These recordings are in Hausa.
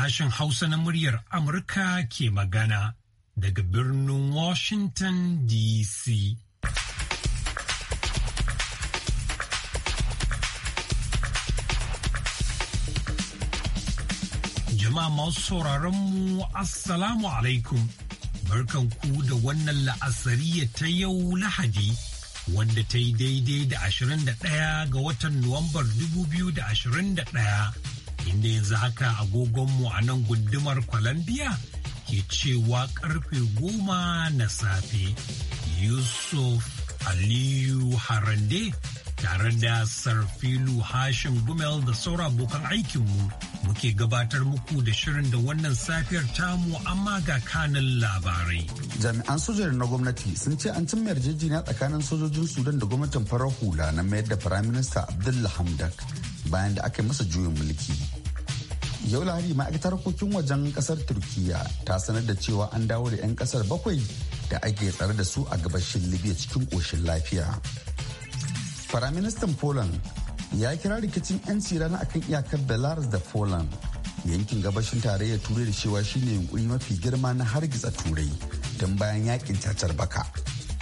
sashen Hausa na muryar Amurka ke magana daga birnin Washington DC. Jama'a masu sauraron mu Assalamu alaikum. barkan ku da wannan la'asariya ta yau Lahadi. Wanda ta yi daidai da 21 ga watan Nuwambar 2021 inda yanzu haka agogonmu a nan gundumar Colombia ke cewa karfe goma na safe. Yusuf Aliyu Harande tare da Sarfilu Hashim Gumel da saura abokan aikinmu muke gabatar muku da shirin da wannan safiyar tamu amma ga kanin labarai. Jami'an sojoji na gwamnati sun ce an cimma yarjejeniya tsakanin sojojin Sudan da gwamnatin farar hula na mayar da Firaminista Abdullah Hamdak bayan da aka yi masa juyin mulki yau lahadi ma'aikatar harkokin wajen kasar Turkiyya. ta sanar da cewa an dawo da 'yan kasar bakwai da ake tsare da su a gabashin libya cikin ƙoshin lafiya firaministan poland ya kira rikicin 'yanci rana kan iyakar belarus da poland yankin gabashin tarayyar turai da cewa shine yunkuri mafi girma na hargitsa turai don bayan yakin cacar baka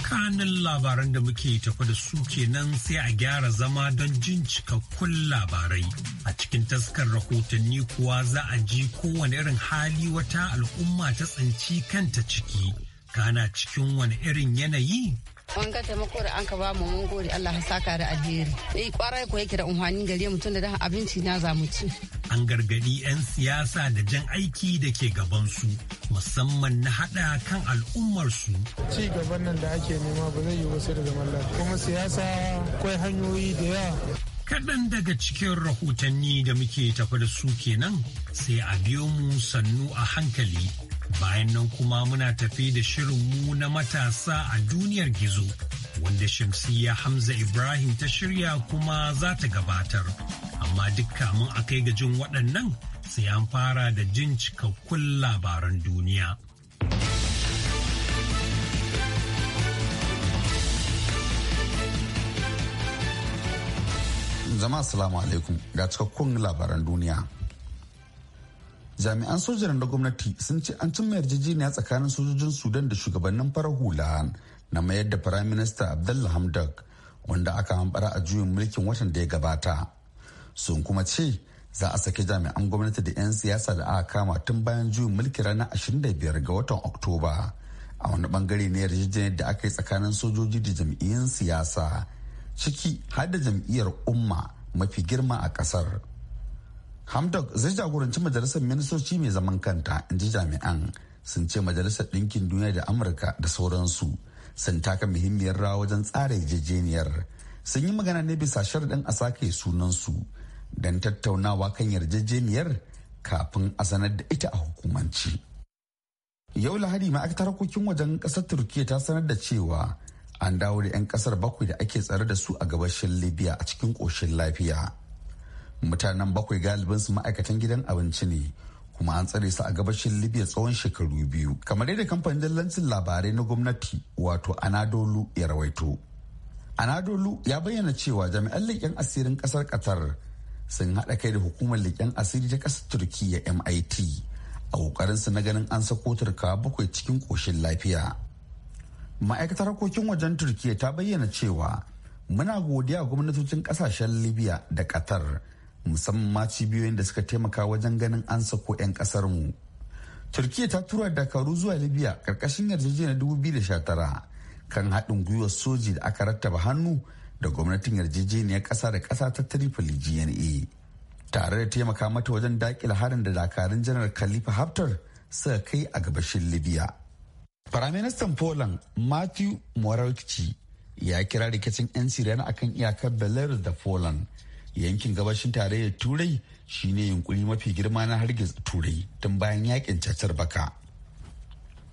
kanin labaran da muke tafa da su kenan sai a gyara zama don jin cikakkun labarai. A cikin taskar rahotanni kuwa za a ji kowane irin hali wata al'umma ta tsanci kanta ciki, kana cikin wani irin yanayi ka taimako da an ka ba mu mun gode Allah ya saka da alheri. Eh kwarai ko yake da umhanin gari mu tun da dan abinci na zamu ci. An gargadi 'yan siyasa da jan aiki da ke gaban su, musamman na hada kan al'ummarsu. Ci gaban nan da ake nema ba zai yi wasu da zaman lafiya. Kuma siyasa akwai hanyoyi da yawa. kaɗan daga cikin rahotanni da muke tafi da su kenan sai a biyo mu sannu a hankali Bayan nan kuma muna tafi da shirinmu na matasa a duniyar gizo, wanda Shamsiyya Hamza Ibrahim ta shirya kuma za ta gabatar. Amma duk kamun a kai gajin waɗannan sai an fara da jin cikakkun labaran duniya. Zama salamu alaikum ga cikakkun labaran duniya. jami'an sojan na gwamnati sun ce an cimma yarjejeniya tsakanin sojojin sudan da shugabannin farar hula na mayar da firayim minista abdullah hamdok wanda aka hambara a juyin mulkin watan da ya gabata sun kuma ce za a saki jami'an gwamnati da 'yan siyasa da aka kama tun bayan juyin mulki ranar 25 ga watan oktoba a wani bangare na yarjejeniyar da aka yi tsakanin sojoji da jam'iyyun siyasa ciki har da jam'iyyar umma mafi girma a kasar. hamdok zai jagoranci majalisar ministoci mai zaman kanta in ji jami'an sun ce majalisar ɗinkin duniya da amurka da sauransu sun taka muhimmiyar rawa wajen tsara yarjejeniyar sun yi magana ne bisa sharaɗin a sake sunansu don tattaunawa kan yarjejeniyar kafin a sanar da ita a hukumanci yau lahadi ma'aikatar harkokin wajen ƙasar turkiya ta sanar da cewa an dawo da 'yan ƙasar bakwai da ake tsare da su a gabashin libya a cikin ƙoshin lafiya mutanen bakwai galibin su ma'aikatan gidan abinci ne kuma an tsare su a gabashin libya tsawon shekaru biyu kamar yadda kamfanin dallancin labarai na gwamnati wato anadolu ya rawaito anadolu ya bayyana cewa jami'an leƙen asirin ƙasar qatar sun haɗa kai da hukumar leƙen asiri ta ƙasar turkiyya mit a su na ganin an sako turkawa bakwai cikin ƙoshin lafiya ma'aikatar harkokin wajen turkiyya ta bayyana cewa muna godiya gwamnatocin ƙasashen libya da qatar musamman ma cibiyoyin da suka taimaka wajen ganin an sako 'yan mu turkiya ta tura dakaru zuwa libya karkashin yarjejeniyar 2019 kan haɗin gwiwar soji da aka rattaba hannu da gwamnatin yarjejeniyar ƙasa da ƙasa ta tripoli gna tare da taimaka mata wajen daƙila harin da dakarun janar khalifa haftar suka kai a gabashin libya firaministan poland matthew morawski ya kira rikicin 'yan siriya akan iyakar belarus da poland yankin gabashin tarayyar turai shine yunkuri mafi girma na harge turai tun bayan yakin cacar baka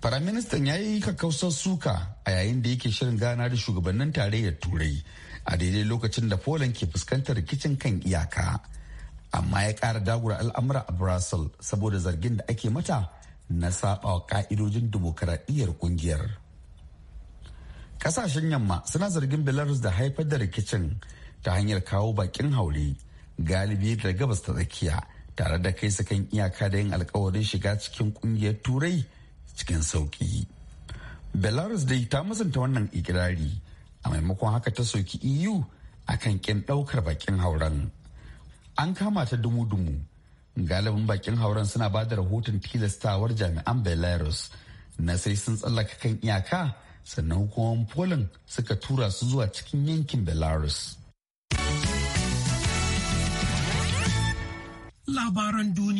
faraministan ya yi kakkausar suka a yayin da yake shirin gana da shugabannin tarayyar turai a daidai lokacin da poland ke fuskantar rikicin kan iyaka amma ya ƙara dagura al'amura a brussels saboda zargin da ake mata na saba wa ka'idojin dimokuraɗiyyar kungiyar kasashen yamma suna zargin belarus da haifar da rikicin ta hanyar kawo bakin haure galibi da gabas ta tsakiya tare da kai sakan iyaka da yin alkawarin shiga cikin kungiyar turai cikin sauki belarus dai ta musanta wannan ikirari a maimakon haka ta soki eu kan kin daukar bakin hauren an kama ta dumu-dumu galibin bakin hauren suna ba da rahoton tilastawar jami'an belarus na sai sun tsallaka kan iyaka sannan hukumomin poland suka tura su zuwa cikin yankin belarus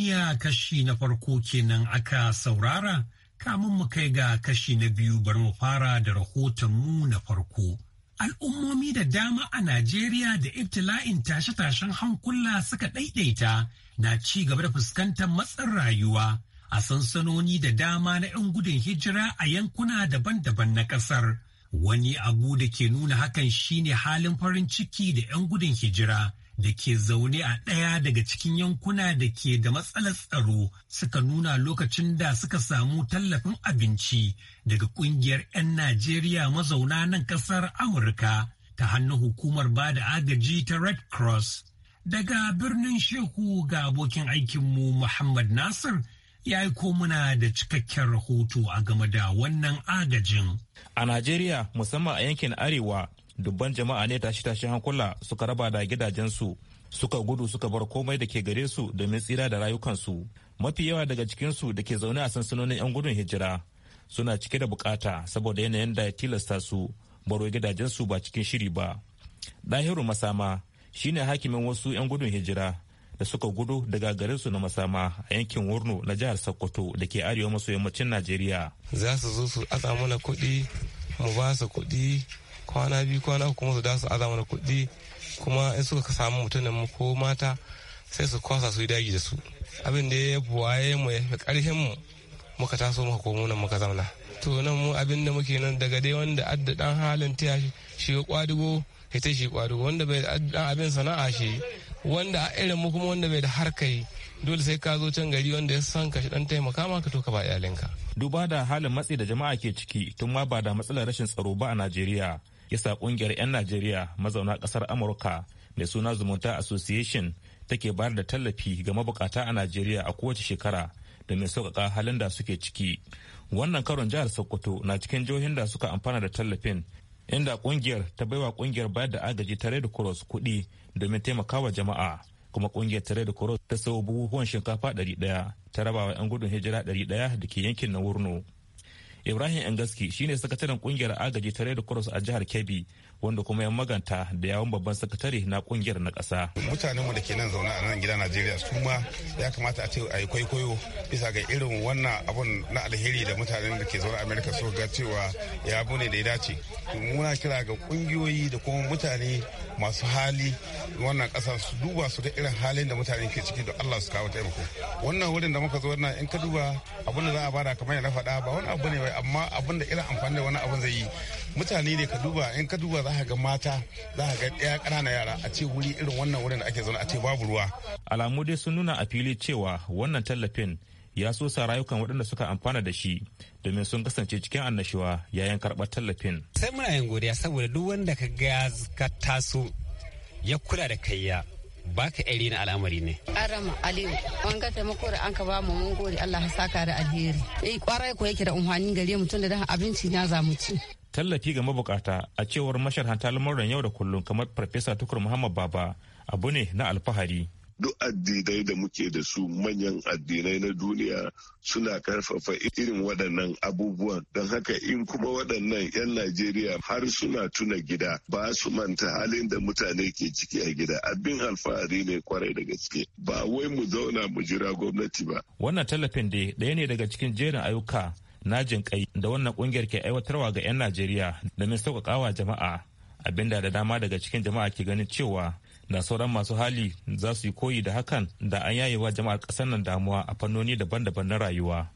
iya kashi na farko kenan aka saurara kamun mu kai ga kashi na biyu bar mu fara da rahotonmu na farko. Al'ummomi da dama a Najeriya da ibtila'in tashe-tashen hankula suka ɗaiɗaita na ci gaba da fuskantar matsin rayuwa a sansanoni da dama na 'yan gudun hijira a yankuna daban-daban na ƙasar. Wani abu da ke nuna hakan shine halin farin ciki da 'yan gudun hijira da ke zaune a ɗaya daga cikin yankuna da ke da matsalar tsaro suka nuna lokacin da suka samu tallafin abinci daga ƙungiyar 'yan Najeriya mazauna nan ƙasar Amurka ta hannun hukumar ba da agaji ta Red Cross. Daga birnin Shehu ga abokin aikinmu Muhammad Nasir ya yi komuna da cikakken rahoto a game da wannan agajin. A Najeriya musamman a yankin Arewa dubban jama'a ne tashi tashin hankula suka raba da gidajensu suka gudu suka bar komai da ke gare su domin tsira da rayukansu mafi yawa daga cikinsu da ke zaune a sansanonin 'yan gudun hijira suna cike da bukata saboda yanayin da ya tilasta su baro gidajensu ba cikin shiri ba dahiru masama shine hakimin wasu 'yan gudun hijira da suka gudu daga garinsu na masama a yankin wurno na jihar sokoto da ke arewa maso yammacin najeriya za su zo su aza mana kuɗi mu ba su kuɗi kwana biyu kwana kuma su da su aza kuɗi kuma in suka samu mutum mu ko mata sai su kwasa su yi daji da su abin da ya buwaye mu ya fi ƙarfin mu muka taso muka komo nan muka zauna to nan mu abin da muke nan daga dai wanda adda dan halin taya shi kwadugo ya ta shi kwadugo wanda bai da abin sana'a shi wanda a irin mu kuma wanda bai da harka yi dole sai ka zo can gari wanda ya san ka shi dan taimaka maka to ka ba iyalinka duba da halin matsi da jama'a ke ciki tun ma ba da matsalar rashin tsaro ba a Najeriya yasa kungiyar 'yan najeriya mazauna kasar amurka mai suna zumunta association take bayar da tallafi ga mabukata a najeriya a kowace shekara da mai sauƙaƙa halin da suke ciki wannan karon jihar sokoto na cikin jihohin da suka amfana da tallafin inda kungiyar ta baiwa kungiyar bayar da agaji ta red cross kuɗi domin taimakawa jama'a kuma kungiyar ta red cross ta sayo buhuhuwan shinkafa 100 ta rabawa 'yan gudun hijira 100 da ke yankin na wurno Ibrahim Engaski shine sakataren kungiyar agaji ta Red Cross a jihar Kebbi wanda kuma ya maganta da yawon babban sakatare na kungiyar na ƙasa. Mutanenmu da ke nan zaune a nan gida Najeriya su ma ya kamata a ce a yi kwaikwayo bisa ga irin wannan abun na alheri da mutanen da ke zaune Amerika su ga cewa ya abu ne da ya dace. Muna kira ga kungiyoyi da kuma mutane masu hali wannan ƙasa su duba su da irin halin da mutane ke ciki da Allah su kawo taimako. Wannan wurin da muka zo wannan in ka duba abun da za a bada kamar na faɗa ba wani abu ne amma abun da irin amfani da wani abun zai yi. Mutane ne ka duba in ka duba za ka ga mata za ka ga ɗaya ƙanana yara a ce wuri irin wannan wurin da ake zaune a ce babu ruwa. Alamu dai sun nuna a fili cewa wannan tallafin ya so sa rayukan waɗanda suka amfana da shi domin sun kasance cikin annashuwa yayin karɓar tallafin. Sai muna yin godiya saboda duk wanda ka ga ka taso ya kula da kayya baka iri na al'amari ne. Arama Aliyu, an ga taimako da an ka ba mu mun gode Allah ya saka da alheri. e eh, kwarai ko yake da umarni gare mu tun da abinci na zamu ci. tallafi ga mabukata a cewar masharhanta lamuran yau da kullum kamar farfesa tukur muhammad baba abu ne na alfahari duk addinai da muke da su manyan addinai na duniya suna karfafa irin waɗannan abubuwan don haka in kuma waɗannan 'yan najeriya har suna tuna gida ba su manta halin da mutane ke ciki a gida abin alfahari ne kwarai da gaske ba wai mu zauna mu jira gwamnati ba wannan tallafin da ɗaya ne daga cikin jerin ayyuka na kai da wannan ƙungiyar ke aiwatarwa ga 'yan Najeriya domin sauƙaƙawa jama'a abinda da dama daga cikin jama'a ke ganin cewa na sauran masu hali za su yi koyi da hakan da an yaye wa jama'ar ƙasar nan damuwa a fannoni daban-daban na rayuwa.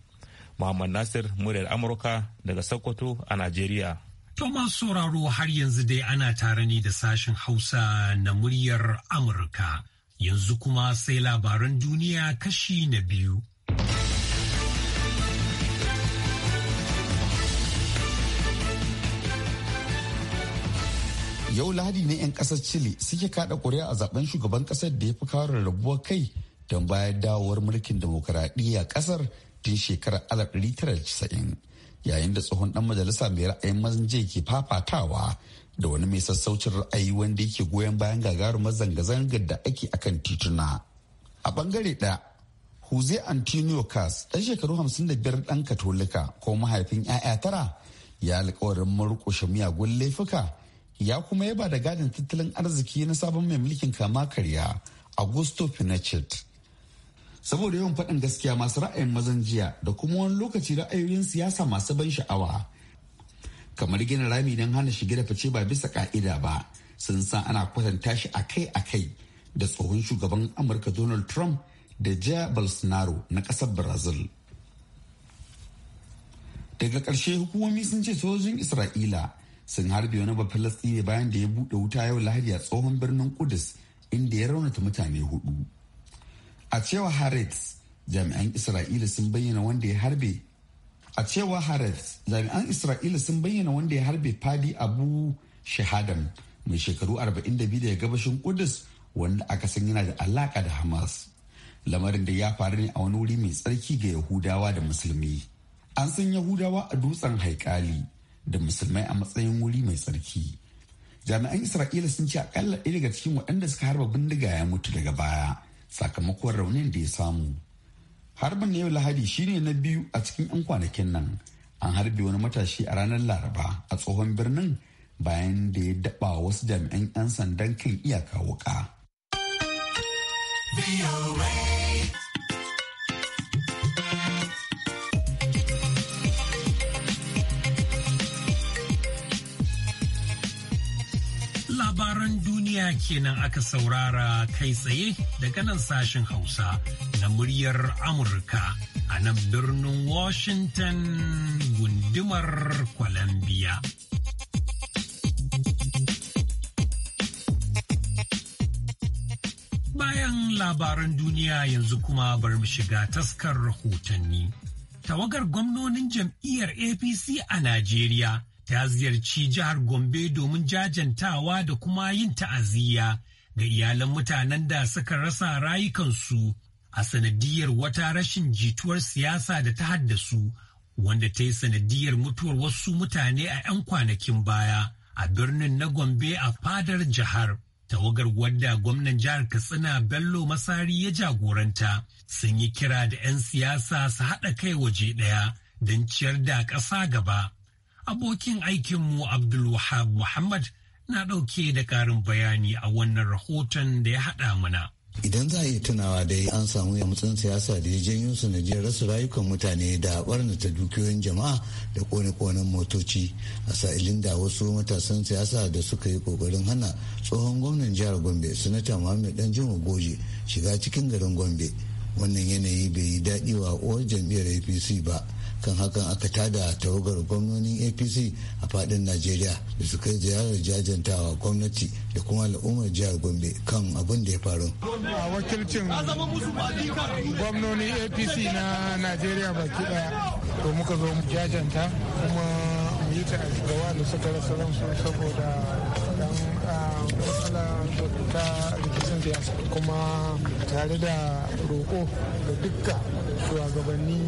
Muhammad Nasir muryar Amurka daga Sokoto a Najeriya. To masu sauraro har yanzu dai ana tare ne da sashen Hausa na muryar Amurka. Yanzu kuma sai labaran duniya kashi na biyu. yau lahadi ne 'yan kasar chile suke kada kuri'a a zaben shugaban kasar da ya fi kawo rabuwar kai don bayan dawowar mulkin demokuraɗiyya kasar tun shekarar 1990 yayin da tsohon dan majalisa mai ra'ayin mazanje ke fafatawa da wani mai sassaucin ra'ayi wanda yake goyon bayan gagarumar zanga-zangar da ake akan tituna a bangare ɗaya huze Antonio Cas, ɗan shekaru 55 ɗan Katolika ko mahaifin 'ya'ya tara, ya alkawarin murƙushe miyagun laifuka ya kuma yaba da gadin tattalin arziki na sabon mai mulkin kama karya augusto pinochet saboda yawan faɗin gaskiya masu ra'ayin mazan jiya da kuma wani lokaci ra'ayoyin siyasa masu ban sha'awa kamar gina rami don hana shiga da fice ba bisa ka'ida ba sun san ana kwatanta shi akai-akai da tsohon shugaban amurka donald trump da ja bolsonaro na ƙasar brazil daga ƙarshe hukumomi sun ce sojojin isra'ila sun harbe wani ne bayan da ya buɗe wuta yau lahadi a tsohon birnin kudus inda ya raunata mutane hudu a cewa harris jami'an isra'ila sun bayyana wanda ya harbe a cewa harris jami'an isra'ila sun bayyana wanda ya harbe fadi abu shahadan mai shekaru 42 daga gabashin kudus wanda aka san yana da alaka da hamas lamarin da ya faru ne a wani wuri mai tsarki ga yahudawa da musulmi an san yahudawa a dutsen haikali da musulmai a matsayin wuri mai tsarki jami'an isra'ila sun ce akalla ɗaya daga cikin waɗanda suka harba bindiga ya mutu daga baya sakamakon raunin da ya samu harbin yau lahadi shine na biyu a cikin 'yan kwanakin nan an harbe wani matashi a ranar laraba a tsohon birnin bayan da ya daba wasu jami'an 'yan sandan kan iyaka wuƙa. duniya kenan aka saurara kai tsaye daga nan sashen Hausa na muryar Amurka a nan birnin Washington gundumar Columbia. Bayan labaran duniya yanzu kuma bar mu shiga taskar rahotanni. Tawagar gwamnonin jam'iyyar APC a Najeriya. ta ziyarci jihar Gombe domin jajantawa da kuma yin ta'aziyya ga iyalan mutanen da suka rasa rayukansu a sanadiyar wata rashin jituwar siyasa da ta haddasu wanda ta yi sanadiyar mutuwar wasu mutane a 'yan kwanakin baya a birnin na Gombe a fadar jihar. tawagar wadda gwamnan jihar katsina bello masari ya jagoranta sun yi kira da 'yan siyasa su haɗa kai waje ɗaya don ciyar da ƙasa gaba Abokin aikinmu Abdulwahab Muhammad na ɗauke da ƙarin bayani a wannan rahoton da ya haɗa mana. idan za a yi tunawa dai an samu yamutsin siyasa da ya janyo su na sanadiyar rasu rayukan mutane da ta dukiyoyin jama'a da kone-konen motoci a sa'ilin da wasu matasan siyasa da suka yi kokarin hana tsohon gwamnan jihar gombe sanata Muhammad dan jima goje shiga cikin garin gombe wannan yanayi bai yi daɗi wa uwar jam'iyyar apc ba kan hakan aka tada tawagar gwamnonin apc a fadin najeriya da su kai ziyarar jajantawa gwamnati da kuma al'ummar jihar gombe kan abin da ya faru a wakilcin gwamnonin apc na najeriya baki daya to muka zo jajanta kuma a ga da suka rasa ransu saboda dan ah, matsala ta rikicin siyasa kuma tare da roƙo da dukka shugabanni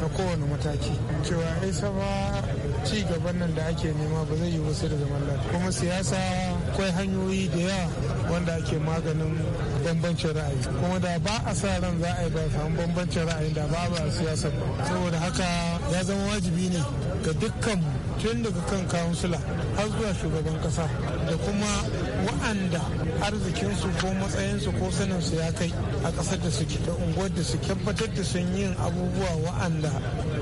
na kowane mataki cewa isa sama ci gaban nan da ake nema ba zai yi wasu da zaman lafiya kuma siyasa akwai hanyoyi da yawa wanda ake maganin bambancin ra'ayi kuma da ba a sa ran za a yi ba samu bambancin ra'ayi da ba ba siyasa ba saboda haka ya zama wajibi ne ga dukkan tun daga kan kansula har zuwa shugaban kasa da kuma wa'anda arzikinsu ko matsayinsu ko saninsu ya kai a ƙasar da suke da unguwar da su tabbatar da sun yin abubuwa wa'anda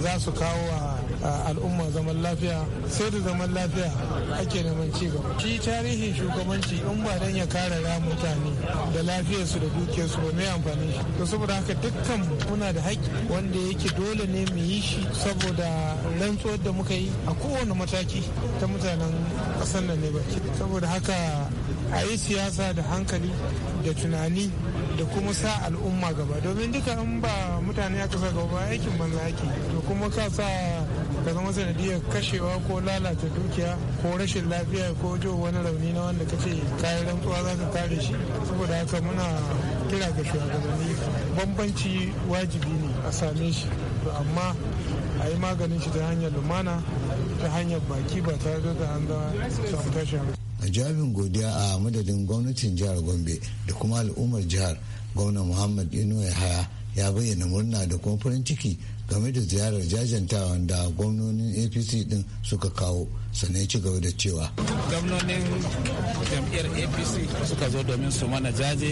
za su kawo wa al'umma zaman lafiya sai da zaman lafiya ake neman ci gaba shi tarihin shugabanci in ba dan ya kare ra mutane da lafiyarsu da dukiyarsu ba mai amfani shi to saboda haka dukkan muna da haƙƙi wanda yake dole ne mu yi shi saboda rantsuwar da muka yi a kowane mataki ta mutanen ƙasar nan ne ba saboda haka a yi siyasa da hankali da tunani da kuma sa al'umma gaba domin duka in ba mutane aka sa gaba aikin banza ake to kuma ka sa ka zama sanadiyar kashewa ko lalata dukiya ko rashin lafiya ko jo wani rauni na wanda kace ce kayan rantsuwa za ka kare shi saboda haka muna kira ga shugabanni bambanci wajibi ne a same shi amma a yi maganin shi ta hanyar lumana ta hanyar baki ba tare da an zama tashin a jawabin godiya a madadin gwamnatin jihar gombe da kuma al'ummar jihar gwamna muhammad inuwa ya haya ya bayyana murna da kuma farin ciki game da ziyarar jajantawa da gwamnonin apc din suka kawo sane ci gaba da cewa gwamnonin jam'iyyar apc suka zo domin su mana jaje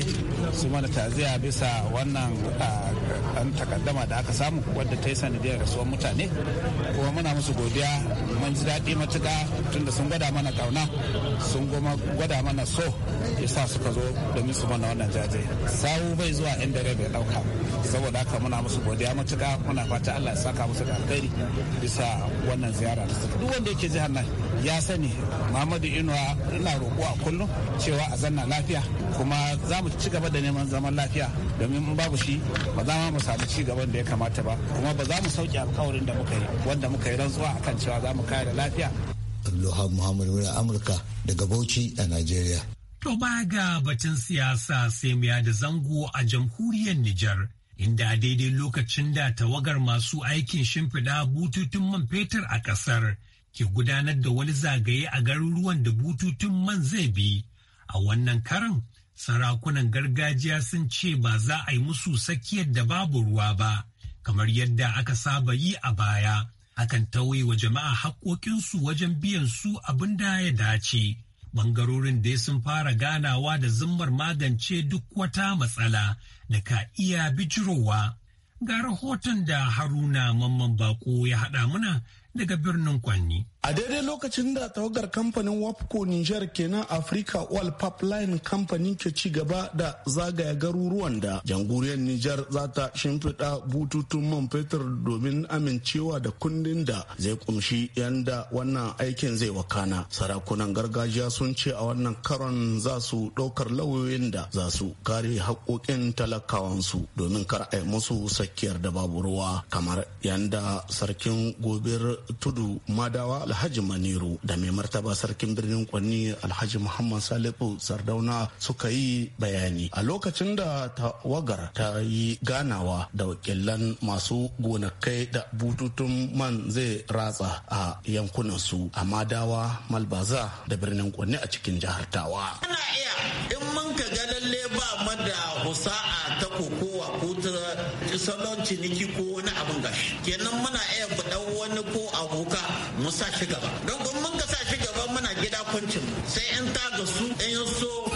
su mana taziya bisa wannan an takaddama da aka samu wadda ta yi sanadiyar rasuwar mutane kuma muna musu godiya mun ji daɗi matuƙa tun sun gwada mana kauna sun goma gwada mana so ya sa suka zo domin su mana wannan jaje sawu bai zuwa inda rai bai ɗauka saboda haka muna musu godiya matuka muna fata Allah ya saka musu da alkhairi bisa wannan ziyara da suka duk wanda yake jihar nan ya sani Muhammadu Inuwa ina roƙo a kullum cewa a zanna lafiya kuma za mu ci gaba da neman zaman lafiya domin in babu shi ba za mu samu ci gaban da ya kamata ba kuma ba za mu sauke alkawarin da muka yi wanda muka yi rantsuwa akan cewa za mu kare lafiya. Abdulhamid Muhammad Mura Amurka daga Bauchi a Najeriya. To ba ga batun siyasa sai mu da zango a jamhuriyar Nijar. Inda daidai lokacin da tawagar masu aikin shimfiɗa bututun man fetur a ƙasar ke gudanar da wani zagaye a garuruwan da bututun man zai bi. A wannan karan sarakunan gargajiya sun ce ba za a yi musu tsakiyar da babu ruwa ba, kamar yadda aka saba yi a baya. hakan tauye wa jama'a haƙoƙinsu wajen biyan su abin da ya dace. Bangarorin dai sun fara ganawa da zimmar magance duk wata matsala da ka iya bijirowa. Ga rahoton da Haruna Mamman Bako ya haɗa muna daga birnin Kwanni. A daidai lokacin da tawagar kamfanin WAPCO Niger kenan Africa Oil Pipeline Company ke ci gaba da zagaya garuruwan da jamhuriyar Niger za ta shimfiɗa bututun man fetur domin amincewa da kundin da zai kumshi yadda wannan aikin zai wakana. Sarakunan gargajiya sun ce a wannan karon za su ɗaukar lauyoyin da za su kare haƙoƙin talakawansu domin kar a musu sakiyar da babu ruwa kamar yadda sarkin gobe tudu madawa alhaji maniru da mai martaba sarkin birnin kwanni alhaji muhammad Salifu sardauna suka yi bayani a lokacin da tawagar ta yi ganawa da wakilan masu gonakai da bututun man zai ratsa a yankunansu a madawa malbaza da birnin kwanni a cikin jihar tawa ana iya in mun ka ga lalle ba mada da husa'a ta kokowa ko ta salon ciniki ko wani abin gashi kenan muna iya faɗan wani ko aboka musa shi gaba don mun ka sa shi gaba muna gida kuncin sai 'yan taga su 'yan so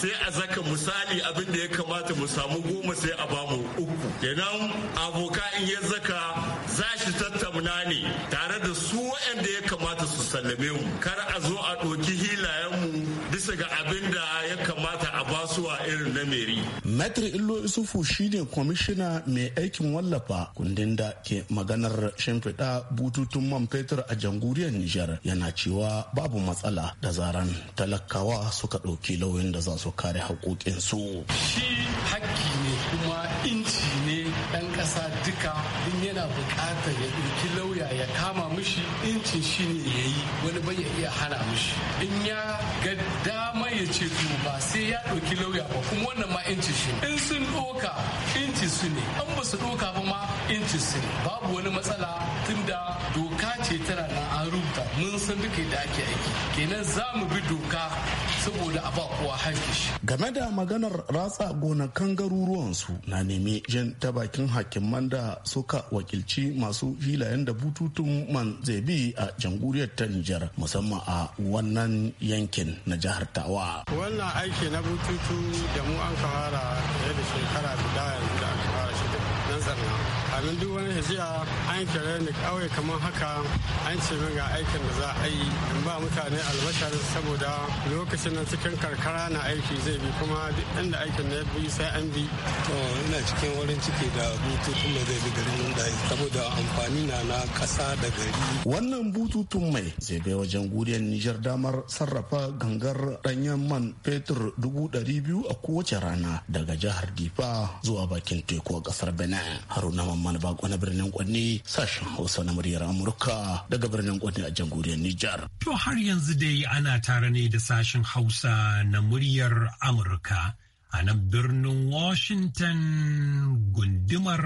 sai a zaka misali abin da ya kamata mu samu goma sai a bamu uku kenan aboka in ya zaka su tattauna ne tare da su waɗanda ya kamata su sallame mu kar a zo a ɗoki hilayenmu bisa ga abin da ya kamata a ba su a irin na meri. Metri Illo Isufu shine kwamishina mai aikin wallafa kundin da ke maganar shimfiɗa bututun man fetur a jamhuriyar Nijar yana cewa babu matsala da zaran talakawa suka ɗauki lauyin da za su kare su Shi hakki ne kuma inci ne ɗan ƙasa duka yana ya ɗauki lauya ya kama mishi incin shi ne ya yi wani bai ya iya hana mishi in ya ga dama ya ce to ba sai ya ɗauki lauya ba kuma wannan ma incin shi in sun ɗoka inci su ne an ba su ɗoka ba ma incin su ne babu wani matsala tunda doka ce tana na an rubuta mun san duka da ake aiki kenan za mu bi doka saboda a ba kowa shi. Game da maganar ratsa gonakan garuruwansu na nemi jin ta bakin hakiman da suka wakilci masu filayen da bututun man zebi a jamhuriyar ta Nijar musamman a wannan yankin na jihar Tawa. Wannan aiki na bututu da mu an kawara da shekara guda yanzu da ƙasar nan kamin duk wani hijiya an kere ni kawai kamar haka an ce min ga aikin da za a yi in ba mutane albashar saboda lokacin nan cikin karkara na aiki zai bi kuma duk inda aikin na bi sai an bi. to ina cikin wurin ciki da bututun mai zai bi mun da saboda amfani na na kasa da gari. wannan bututun mai zai bai wajen guriyar nijar damar sarrafa gangar danyen man fetur dubu dari biyu a kowace rana daga jihar difa zuwa bakin teku a ƙasar benin. haruna mamman bako na birnin kwanne sashen hausa na muryar amurka daga birnin kwanne a jamhuriyar nijar to har yanzu dai ana tare ne da sashen hausa na muryar amurka a nan birnin washington gundumar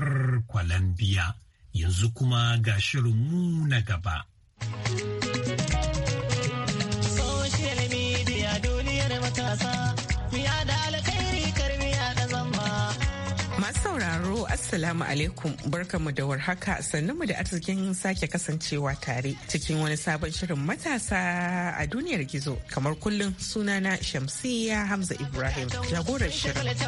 columbia yanzu kuma ga shirinmu na gaba. Assalamu alaikum barka mu da warhaka mu da arzikin sake kasancewa tare cikin wani sabon shirin matasa a duniyar gizo kamar kullum sunana Shamsiyya Hamza Ibrahim jagorar shirin.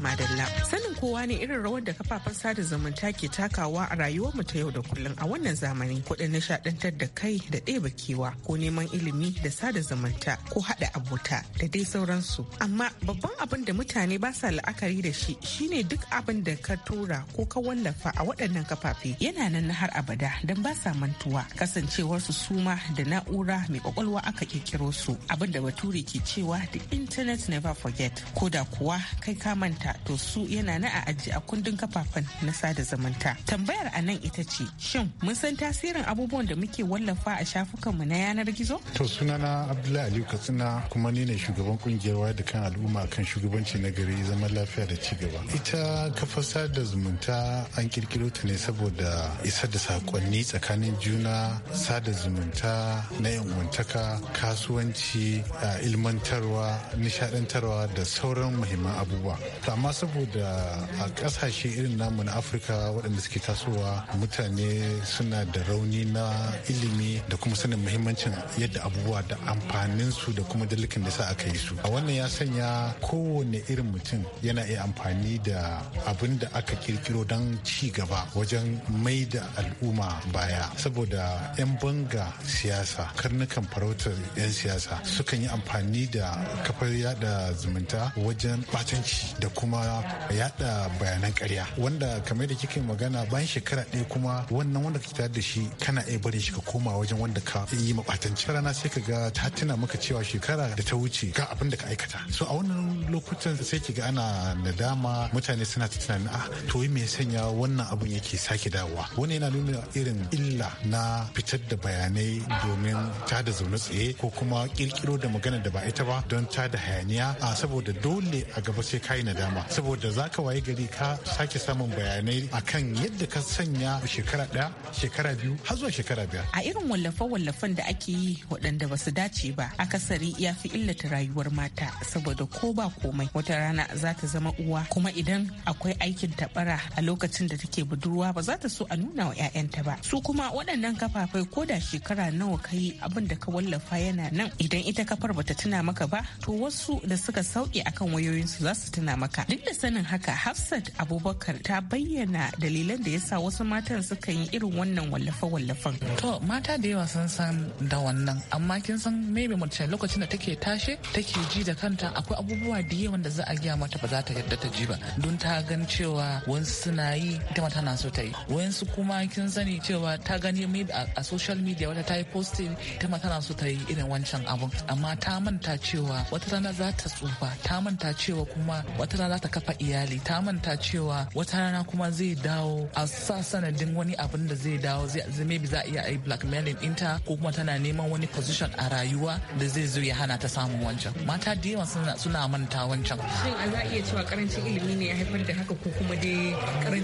madalla sanin kowa ne irin rawar da kafafen sada zumunta ke takawa a rayuwar mu ta yau da kullum a wannan zamani kuɗin nishaɗantar da kai da ɗeba kewa ko neman ilimi da sada zumunta ko haɗa abota da dai sauransu amma babban abin da mutane ba sa la'akari da shi shine duk abin da ka tura ko ka wallafa a waɗannan kafafe yana nan na har abada don ba sa mantuwa kasancewar su suma da na'ura mai kwakwalwa aka kirkiro su abin da bature ke cewa the internet never forget ko da kuwa kai ka manta ta to su yana na a aji a kundin kafafen na sada zumunta tambayar a nan ita ce shin mun san tasirin abubuwan da muke wallafa a shafukanmu na yanar gizo to sunana abdullahi aliyu katsina kuma ni ne shugaban kungiyar wayar da kan al'umma kan shugabanci na gari zaman lafiya da ci gaba ita kafar sada zumunta an kirkiro ta ne saboda isa da sakonni tsakanin juna sada zumunta na wantaka kasuwanci ilmantarwa nishadantarwa da sauran muhimman abubuwa amma saboda a kasashe irin namu na afirka waɗanda suke tasowa mutane suna da rauni na ilimi da kuma sanin muhimmancin yadda abubuwa da amfaninsu da kuma dalikin da sa aka yi su a wannan ya sanya kowane irin mutum yana iya amfani da abin da aka kirkiro don ci gaba wajen mai da al'umma baya saboda 'yan banga siyasa karnukan farautar 'yan siyasa sukan yi amfani da kafar yada zumunta wajen batanci da kuma kuma yada bayanan karya wanda kamar da kika magana bayan shekara ɗaya kuma wannan wanda ka tayar da shi kana iya bari shi ka koma wajen wanda ka yi mabatanci rana sai ka ga ta tuna maka cewa shekara da ta wuce ga abin da ka aikata so a wannan lokutan sai ki ga ana nadama mutane suna ta tunanin a ah, to me sanya wannan abun yake sake dawowa wani yana nuna irin illa na fitar da bayanai domin ta da zaune tsaye ko kuma kirkiro da magana da ba ita ba don ta da hayaniya a saboda dole a gaba sai kai nadama al'umma saboda za ka waye gari ka sake samun bayanai akan yadda ka sanya shekara ɗaya shekara biyu har zuwa shekara biyar a irin wallafe-wallafen da ake yi waɗanda ba su dace ba akasari ya fi illata rayuwar mata saboda ko ba komai wata rana za ta zama uwa kuma idan akwai aikin taɓara a lokacin da take budurwa ba za ta so a nuna wa 'ya'yanta ba su kuma waɗannan kafafai ko da shekara nawa ka yi abin da ka wallafa yana nan idan ita kafar bata tuna maka ba to wasu da suka sauke akan wayoyinsu za su tuna maka Duk da sanin haka Hafsat Abubakar ta bayyana dalilan da yasa wasu matan suka yi irin wannan wallafe-wallafen. To mata da yawa sun san da wannan amma kin san maybe mace lokacin da take tashe take ji da kanta akwai abubuwa da yawan da za a gaya mata ba za ta yarda ta ji ba don ta gan cewa wasu suna yi ita ma tana so ta yi wayansu kuma kin sani cewa ta gani maybe a social media wata ta yi posting ita ma tana so ta yi irin wancan abun amma ta manta cewa wata rana za ta tsufa ta manta cewa kuma wata rana za ta kafa iyali ta manta cewa wata rana kuma zai dawo a sa sanadin wani abin da zai dawo zai maybe za a iya ai blackmailing inta ko kuma tana neman wani position a rayuwa da zai zo ya hana ta samun wancan mata da yawa suna manta wancan shin a za a iya cewa karancin ilimi ne ya haifar da haka ko kuma dai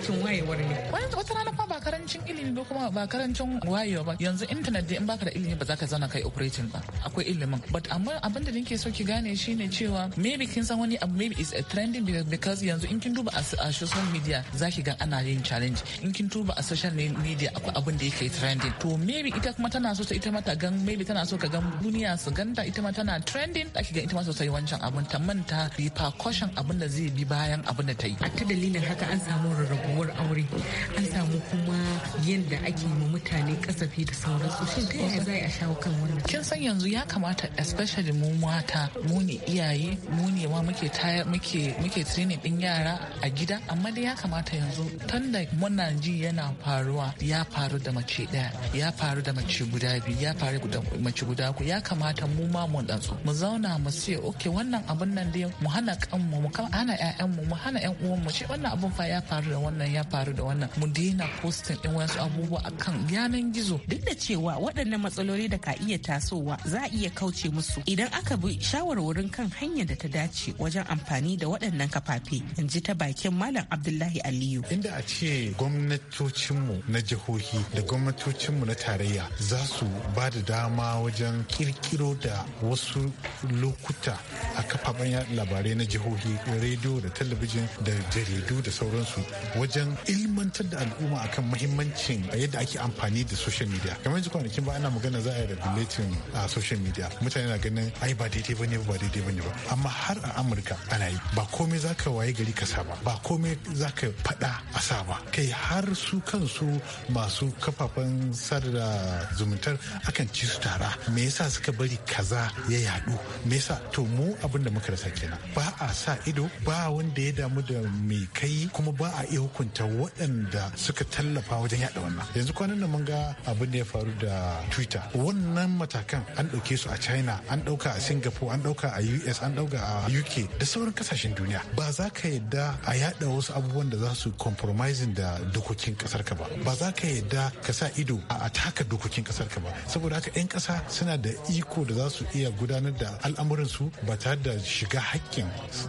karancin wayewar ne wata rana kuma ba karancin ilimi ba kuma ba karancin wayewa ba yanzu intanet da in baka da ilimi ba za ka zauna kai operating ba akwai ilimin but amma abin da nake so ki gane shine cewa maybe kin san wani abu maybe is a trending because yanzu in kin duba a social media za ki ga ana yin challenge in kin duba a social media akwai abin da yake trending to maybe ita kuma tana so ta ita ma ta gan maybe tana so ka gan duniya su ganta ita ma tana trending ki ga ita ma so ta yi wancan abun ta manta repercussion abin da zai bi bayan abin da ta yi a ta dalilin haka an samu rarrabu rabuwar aure an samu kuma yadda ake ma mutane kasafi da sauransu shin ta yaya za a shawo kan wannan kin san yanzu ya kamata especially mu mata mu ne iyaye mu ne ma muke tayar muke muke training din yara a gida amma dai ya kamata yanzu tunda muna ji yana faruwa ya faru da mace daya ya faru da mace guda biyu ya faru da mace guda ku ya kamata mu ma mu dantsu mu zauna mu ce okay wannan abun nan dai mu hana kanmu mu hana ƴaƴanmu mu hana ƴan uwanmu ce wannan abun fa ya faru da wannan wannan ya faru da wannan mu daina postin din wasu abubuwa akan yanan gizo duk da cewa waɗannan matsaloli da ka iya tasowa za a iya kauce musu idan aka bi shawarwarin kan hanyar da ta dace wajen amfani da waɗannan kafafe in ji ta bakin malam abdullahi aliyu inda a ce gwamnatocinmu na jihohi da gwamnatocinmu na tarayya za su ba da dama wajen kirkiro da wasu lokuta a kafafen labarai na jihohi rediyo da talabijin da jaridu da sauransu wajen wajen ilmantar da al'umma akan muhimmancin yadda ake amfani da social media kamar yanzu kwanakin ba ana magana za a yi regulating a social media mutane na ganin ai ba daidai bane ba daidai bane ba amma har a amurka ana yi ba komai zaka waye gari ka sa ba ba komai zaka faɗa a sa ba kai har su kansu masu kafafen sada zumuntar akan ci su tara me yasa suka bari kaza ya yaɗu me yasa to mu abin da muka rasa kenan ba a sa ido ba wanda ya damu da mai kai kuma ba a iya hukunta waɗanda suka tallafa wajen yada wannan yanzu kwanan nan mun ga abin da ya faru da twitter wannan matakan an ɗauke su a china an ɗauka a singapore an ɗauka a us an ɗauka a uk da sauran kasashen duniya ba za ka yadda a yada wasu abubuwan da za su compromising da dokokin kasar ka ba ba za ka yadda ka sa ido a taka dokokin kasar ka ba saboda haka 'yan ƙasa suna da iko da za su iya gudanar da al'amuran su ba tare da shiga hakkin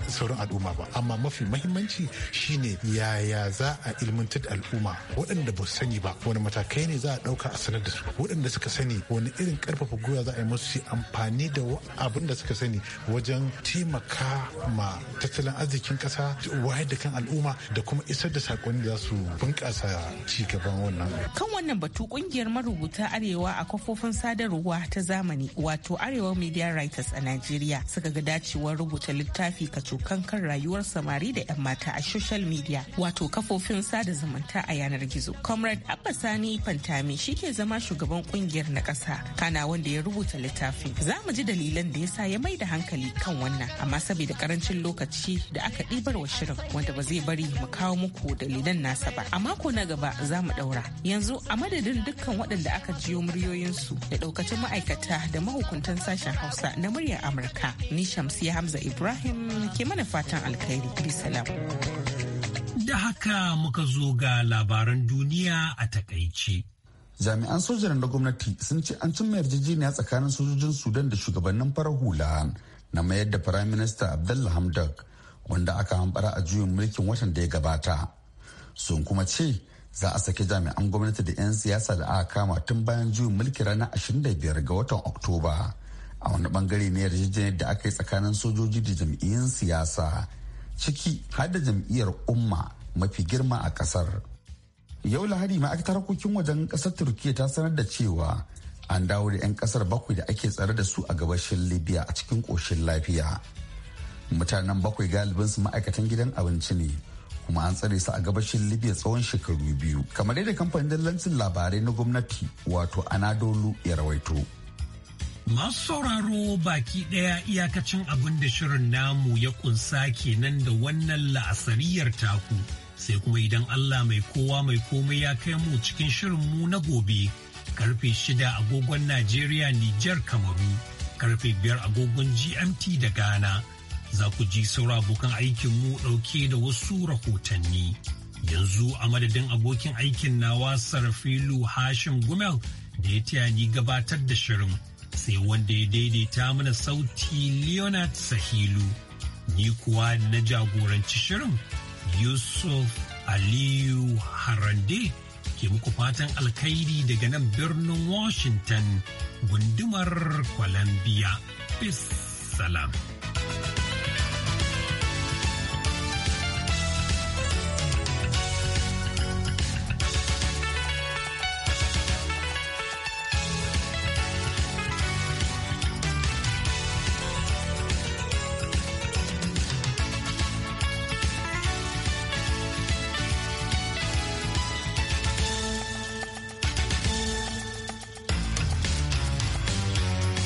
sauran al'umma ba amma mafi mahimmanci shine yaya za a ilmantar al'umma waɗanda ba su sani ba wani matakai ne za a ɗauka a sanar da su waɗanda suka sani wani irin ƙarfafa gwiwa za a yi musu amfani da abin da suka sani wajen taimaka ma tattalin arzikin ƙasa wayar da kan al'umma da kuma isar da saƙonni za su bunƙasa ci gaban wannan. Kan wannan batu ƙungiyar marubuta Arewa a kafofin sadarwa ta zamani wato Arewa Media Writers a Najeriya suka ga dacewar rubuta littafi kacokan kan rayuwar samari da 'yan mata a social media wato kafofin sada zumunta a yanar gizo. Comrade Abba Sani Fantami shi ke zama shugaban kungiyar na ƙasa kana wanda ya rubuta littafin. Za mu ji dalilan da ya sa ya mai da hankali kan wannan amma saboda karancin lokaci da aka ɗibar wa shirin wanda ba zai bari mu kawo muku dalilan nasa ba. A mako na gaba za mu ɗaura. Yanzu a madadin dukkan waɗanda aka jiyo muryoyinsu da ɗaukacin ma'aikata da mahukuntan sashen Hausa na muryar Amurka. Ni Shamsiya Hamza Ibrahim ke mana fatan alkhairi. Bisalam. Da haka muka zo ga labaran duniya a takaici. Jami'an sojan na gwamnati sun ce an cimma yarjejeniya tsakanin sojojin Sudan da shugabannin farar hula na mayar da Firayim Minista Abdullah Hamdok wanda aka hambara a juyin mulkin watan da ya gabata. Sun kuma ce za a sake jami'an gwamnati da 'yan siyasa da aka kama tun bayan juyin mulki ranar 25 ga watan Oktoba. A wani bangare ne yarjejeniyar da aka yi tsakanin sojoji da jam'iyyun siyasa ciki har da jam'iyyar umma mafi girma a kasar yau lahadi ma'aikatar harkokin wajen kasar turkiya ta sanar da cewa an dawo da 'yan kasar bakwai da ake tsare da su a gabashin libya a cikin koshin lafiya mutanen bakwai galibin su ma'aikatan gidan abinci ne kuma an tsare su a gabashin libya tsawon shekaru biyu kamar yadda kamfanin dallancin labarai na gwamnati wato anadolu ya rawaito Masu sauraro baki ɗaya iyakacin abin da shirin namu ya kunsa kenan da wannan la'asariyar taku sai kuma idan Allah mai kowa mai komai ya kai mu cikin shirin mu na gobe karfe shida agogon Najeriya Nijar Kamaru karfe biyar agogon GMT da Ghana za ku ji saura abokan aikin mu ɗauke da wasu rahotanni. Yanzu a madadin abokin aikin nawa sarfilu Hashim Gumel da ya taya ni gabatar da shirin. sai wanda ya daidaita mana sauti Leonard Sahilu, ni kuwa na jagoranci shirin Yusuf Aliyu Harande ke muku fatan alkhairi daga nan birnin Washington, gundumar Columbia. Peace, salam.